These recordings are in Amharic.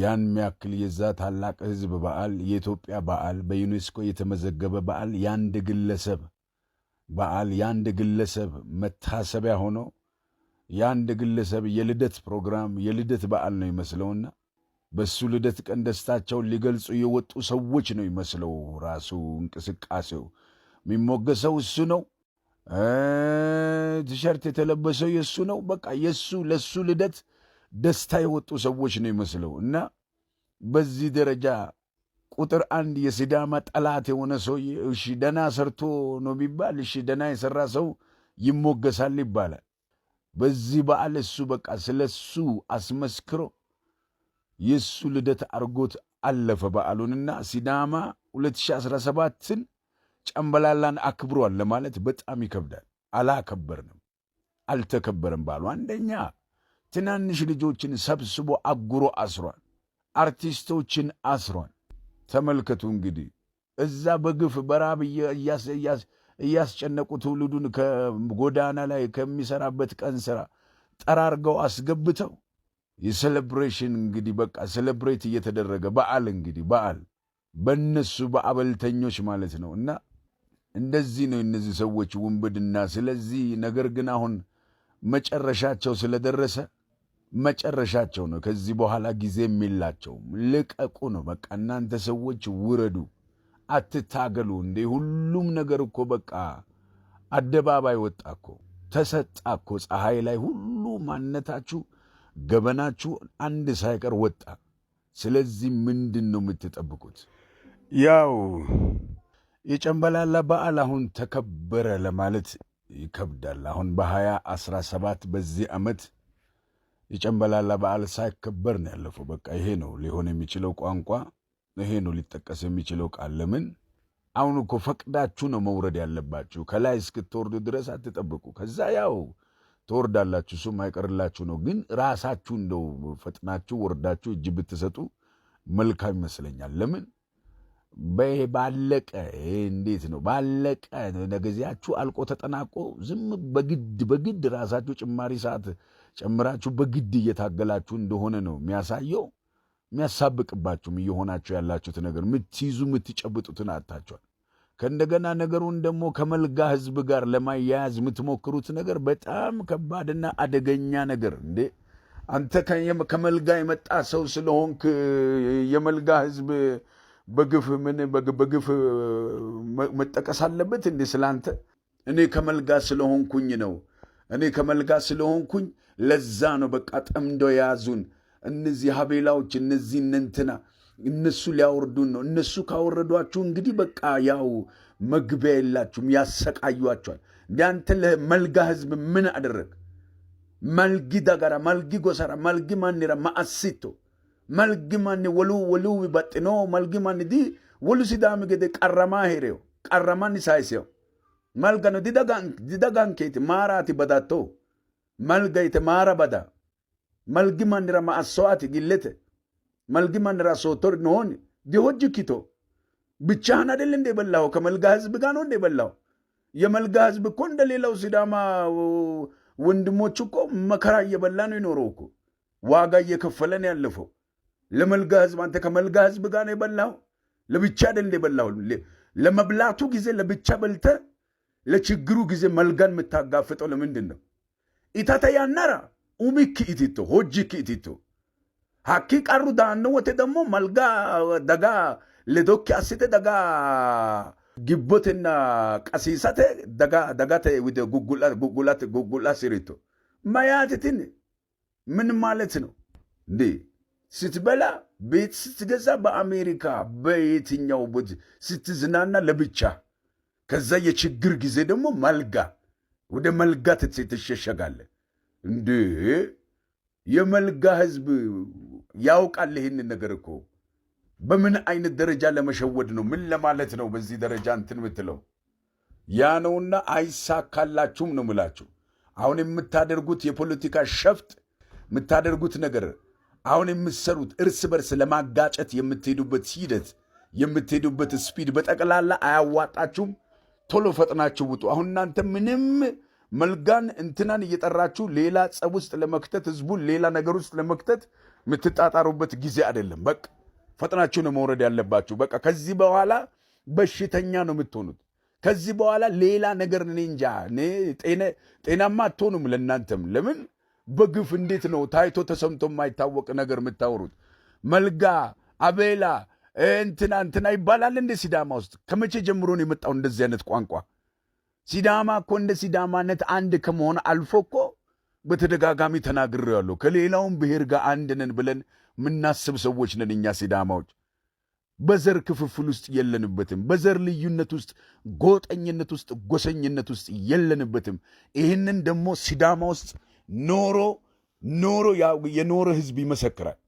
ያን ሚያክል የዛ ታላቅ ህዝብ በዓል የኢትዮጵያ በዓል በዩኔስኮ የተመዘገበ በዓል የአንድ ግለሰብ በዓል የአንድ ግለሰብ መታሰቢያ ሆኖ የአንድ ግለሰብ የልደት ፕሮግራም የልደት በዓል ነው ይመስለውና በሱ ልደት ቀን ደስታቸውን ሊገልጹ የወጡ ሰዎች ነው ይመስለው። ራሱ እንቅስቃሴው የሚሞገሰው እሱ ነው። ቲሸርት የተለበሰው የእሱ ነው። በቃ የእሱ ለእሱ ልደት ደስታ የወጡ ሰዎች ነው ይመስለው እና በዚህ ደረጃ ቁጥር አንድ የሲዳማ ጠላት የሆነ ሰው እሺ ደና ሰርቶ ነው የሚባል። እሺ ደና የሰራ ሰው ይሞገሳል ይባላል። በዚህ በዓል እሱ በቃ ስለ እሱ አስመስክሮ የእሱ ልደት አርጎት አለፈ በዓሉንና ሲዳማ 2017ን ጨምበላላን አክብሯል ለማለት በጣም ይከብዳል። አላከበርንም፣ አልተከበረም በዓሉ አንደኛ ትናንሽ ልጆችን ሰብስቦ አጉሮ አስሯል። አርቲስቶችን አስሯል። ተመልከቱ እንግዲህ እዛ በግፍ በራብ እያስጨነቁ ትውልዱን ከጎዳና ላይ ከሚሰራበት ቀን ስራ ጠራርገው አስገብተው የሴሌብሬሽን እንግዲህ በቃ ሴሌብሬት እየተደረገ በዓል እንግዲህ በዓል በእነሱ በአበልተኞች ማለት ነው። እና እንደዚህ ነው እነዚህ ሰዎች ውንብድና። ስለዚህ ነገር ግን አሁን መጨረሻቸው ስለደረሰ መጨረሻቸው ነው። ከዚህ በኋላ ጊዜ የሚላቸው ልቀቁ ነው። በቃ እናንተ ሰዎች ውረዱ፣ አትታገሉ። እንዴ ሁሉም ነገር እኮ በቃ አደባባይ ወጣ እኮ ተሰጣ እኮ ፀሐይ ላይ ሁሉ ማንነታችሁ፣ ገበናችሁ አንድ ሳይቀር ወጣ። ስለዚህ ምንድን ነው የምትጠብቁት? ያው የጨንበላላ በዓል አሁን ተከበረ ለማለት ይከብዳል። አሁን በሀያ አስራ ሰባት በዚህ ዓመት የጨንበላላ በዓል ሳይከበር ነው ያለፈው። በቃ ይሄ ነው ሊሆን የሚችለው ቋንቋ፣ ይሄ ነው ሊጠቀስ የሚችለው ቃል። ለምን አሁን እኮ ፈቅዳችሁ ነው መውረድ ያለባችሁ። ከላይ እስክትወርዱ ድረስ አትጠብቁ። ከዛ ያው ትወርዳላችሁ፣ እሱም አይቀርላችሁ ነው። ግን ራሳችሁ እንደው ፈጥናችሁ ወርዳችሁ እጅ ብትሰጡ መልካም ይመስለኛል። ለምን ባለቀ እንዴት ነው ባለቀ ነገዚያችሁ አልቆ ተጠናቆ ዝም በግድ በግድ ራሳችሁ ጭማሪ ሰዓት ጨምራችሁ በግድ እየታገላችሁ እንደሆነ ነው የሚያሳየው። የሚያሳብቅባችሁም እየሆናችሁ ያላችሁት ነገር ምትይዙ ምትጨብጡትን አታችኋል። ከእንደገና ነገሩን ደግሞ ከመልጋ ህዝብ ጋር ለማያያዝ የምትሞክሩት ነገር በጣም ከባድና አደገኛ ነገር እንዴ! አንተ ከመልጋ የመጣ ሰው ስለሆንክ የመልጋ ህዝብ በግፍ ምን በግፍ መጠቀስ አለበት እንዴ? ስላንተ እኔ ከመልጋ ስለሆንኩኝ ነው እኔ ከመልጋ ስለሆንኩኝ ለዛ ነው በቃ ጠምዶ የያዙን እነዚህ ሀቤላዎች እነዚህ እንንትና እነሱ ሊያወርዱን ነው። እነሱ ካወረዷችሁ እንግዲህ በቃ ያው መግቢያ የላችሁም፣ ያሰቃዩአችኋል። ያንተ ለመልጋ ህዝብ ምን አደረግ? መልጊ ዳጋራ መልጊ ጎሰራ መልጊ ማኔራ ማአሲቶ መልጊ ማኔ ወሉ ወሉ ባጥኖ መልጊ ማኔ ዲ ወሉ ሲዳሚ ገደ ቀረማ ሄሬው ቀረማን ሳይሴው malgano didaganketi maarati badatto malga ite maara bada malgi manira maasoati gillete malgi manira sotor nooni ዲሆጅኪቶ ብቻህን አይደል እንደ በላው ከመልጋ ህዝብ ጋር ነው እንደ በላው የመልጋ ህዝብ እኮ እንደሌላው ሲዳማ ወንድሞች እኮ መከራ እየበላ ነው ይኖረው እኮ ዋጋ እየከፈለ ነው ያለፈው ለመልጋ ህዝብ አንተ ከመልጋ ህዝብ ጋር ነው የበላው ለብቻ አይደል እንደ በላው ለመብላቱ ጊዜ ለብቻ በልተ ለችግሩ ጊዜ መልጋን የምታጋፍጠው ለምንድን ነው? ኢታተያናራ ኡሚ ኢቲቶ ሆጂ ኢቲቶ ሀኪ ቃሩ ዳነ ወቴ ደግሞ መልጋ ደጋ ለዶኪ አስቴ ደጋ ግቦቴና ቀሲሰቴ ደጋቴ ጉጉላ ሲሪቶ ማያትትን ምን ማለት ነው እንዴ? ስትበላ ቤት ስትገዛ በአሜሪካ በየትኛው ቦት ስትዝናና ለብቻ ከዛ የችግር ጊዜ ደግሞ መልጋ ወደ መልጋ ትሸሸጋለህ። እንዴ የመልጋ ህዝብ ያውቃል ይህን ነገር እኮ በምን አይነት ደረጃ ለመሸወድ ነው? ምን ለማለት ነው? በዚህ ደረጃ እንትን ምትለው ያ ነውና አይሳካላችሁም ነው ምላችሁ። አሁን የምታደርጉት የፖለቲካ ሸፍጥ የምታደርጉት ነገር አሁን የምትሰሩት እርስ በርስ ለማጋጨት የምትሄዱበት ሂደት የምትሄዱበት ስፒድ በጠቅላላ አያዋጣችሁም። ቶሎ ፈጥናችሁ ውጡ። አሁን እናንተ ምንም መልጋን እንትናን እየጠራችሁ ሌላ ጸብ ውስጥ ለመክተት ህዝቡን ሌላ ነገር ውስጥ ለመክተት የምትጣጣሩበት ጊዜ አይደለም። በቃ ፈጥናችሁ ነው መውረድ ያለባችሁ። በቃ ከዚህ በኋላ በሽተኛ ነው የምትሆኑት። ከዚህ በኋላ ሌላ ነገር እኔ እንጃ፣ ጤናማ አትሆኑም። ለእናንተም ለምን በግፍ እንዴት ነው ታይቶ ተሰምቶ የማይታወቅ ነገር የምታወሩት? መልጋ አቤላ እንትና እንትና ይባላል። እንደ ሲዳማ ውስጥ ከመቼ ጀምሮ ነው የመጣው እንደዚህ አይነት ቋንቋ? ሲዳማ እኮ እንደ ሲዳማነት አንድ ከመሆን አልፎ እኮ በተደጋጋሚ ተናግሬዋለሁ። ከሌላውም ብሔር ጋር አንድ ነን ብለን ምናስብ ሰዎች ነን እኛ ሲዳማዎች። በዘር ክፍፍል ውስጥ የለንበትም። በዘር ልዩነት ውስጥ፣ ጎጠኝነት ውስጥ፣ ጎሰኝነት ውስጥ የለንበትም። ይህንን ደግሞ ሲዳማ ውስጥ ኖሮ ኖሮ የኖረ ህዝብ ይመሰክራል።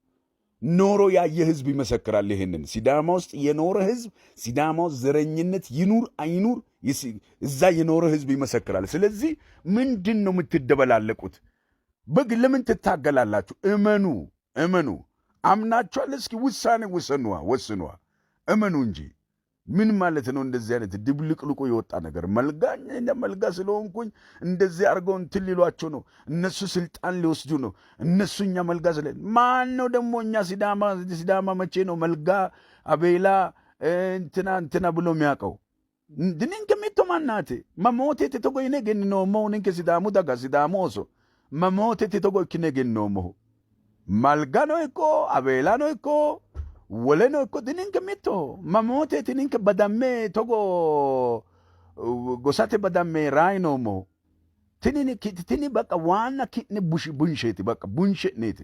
ኖሮ ያየ ህዝብ ይመሰክራል። ይህንን ሲዳማ ውስጥ የኖረ ህዝብ ሲዳማ ውስጥ ዘረኝነት ይኑር አይኑር እዛ የኖረ ህዝብ ይመሰክራል። ስለዚህ ምንድን ነው የምትደበላለቁት? በግ ለምን ትታገላላችሁ? እመኑ እመኑ። አምናችኋል። እስኪ ውሳኔ ወሰኗ ወስኗ እመኑ እንጂ ምን ማለት ነው? እንደዚህ አይነት ድብልቅልቁ የወጣ ነገር መልጋኝ መልጋ ስለሆንኩኝ እንደዚህ አድርገው እንትን ሊሏቸው ነው። እነሱ ስልጣን ሊወስዱ ነው። እነሱ እኛ መልጋ ስለ ማን ነው ደግሞ? እኛ ሲዳማ መቼ ነው መልጋ አቤላ እንትና እንትና ብሎ የሚያውቀው? ድንን ከሚቶ ማናቴ መሞቴ ተተጎይነ ገንኖመውን ንከ ሲዳሙ ዳጋ ሲዳሙ ሶ መሞቴ ተተጎይክነ ገንኖመሁ መልጋ ነው እኮ አቤላ ነው እኮ ወለኖ እኮ ድንንክ ሚቶ መሞቴ ትንንክ በዳሜ ቶጎ ጎሳቴ በዳሜ ራይ ኖሞ ትኒ በቃ ዋና ኪኒ ቡንሼቲ በቃ ቡንሼኔቲ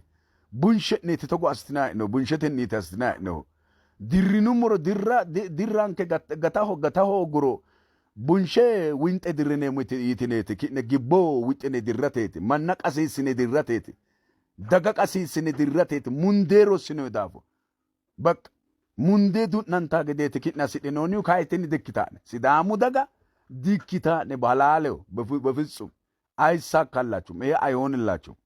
ቡንሼኔቲ ቶጎ አስትናይ ነው ቡንሼቴኒቲ አስትናይ ነው ድሪኑሙሮ ድራንከ ገታሆ ገታሆ ጉሮ ቡንሼ ዊንጤ ድርኔ ይትኔቲ ኪነ ጊቦ ዊጤኔ ድረቴቲ መና ቀሲስኔ ድረቴቲ ደጋ ቀሲስኔ ድረቴቲ ሙንዴሮስኔ ዳፎ በቅ ሙንዴ ዱድናንታ ገዴት ኪና ሲድኖኒ ካይቴን ድክታነ ሲዳሙ ደጋ ድክታነ ባላሌው በፍጹም አይሳካላችሁም። ይሄ አይሆንላችሁም።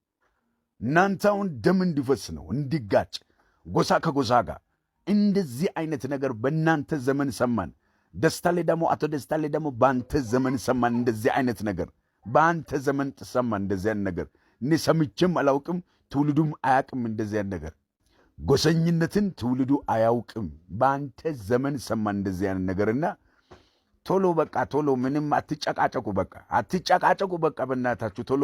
እናንተውን ደም እንዲፈስ ነው እንዲጋጭ ጎሳ ከጎሳ ጋር እንደዚህ አይነት ነገር በእናንተ ዘመን ሰማን። ደስታ ላይ ደግሞ አቶ ደስታ ላይ ደግሞ በአንተ ዘመን ሰማን። እንደዚህ አይነት ነገር በአንተ ዘመን ትሰማን። እንደዚህ አይነት ነገር እኔ ሰምቼም አላውቅም፣ ትውልዱም አያውቅም እንደዚህ ነገር ጎሰኝነትን ትውልዱ አያውቅም። በአንተ ዘመን ሰማ እንደዚህ አይነት ነገርና ቶሎ በቃ ቶሎ ምንም አትጨቃጨቁ፣ በቃ አትጨቃጨቁ፣ በቃ በእናታችሁ ቶሎ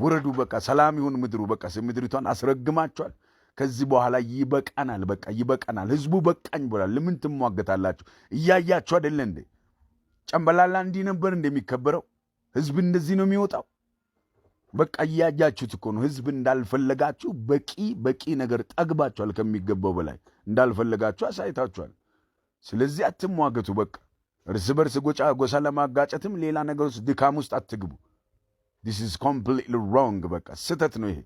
ውረዱ፣ በቃ ሰላም ይሁን ምድሩ። በቃ ምድሪቷን አስረግማችኋል። ከዚህ በኋላ ይበቃናል፣ በቃ ይበቃናል። ህዝቡ በቃኝ ብሏል። ለምን ትሟገታላችሁ? እያያችሁ አደለ እንዴ? ጨምበላላ እንዲህ ነበር እንደሚከበረው። ህዝብ እንደዚህ ነው የሚወጣው። በቃ እያያችሁት እኮ ነው። ህዝብ እንዳልፈለጋችሁ በቂ በቂ ነገር ጠግባችኋል፣ ከሚገባው በላይ እንዳልፈለጋችሁ አሳይታችኋል። ስለዚህ አትሟገቱ። በቃ እርስ በርስ ጎጫ ጎሳ ለማጋጨትም ሌላ ነገር ውስጥ ድካም ውስጥ አትግቡ። ዲስ ኢዝ ኮምፕሊትሊ ሮንግ። በቃ ስህተት ነው ይሄ።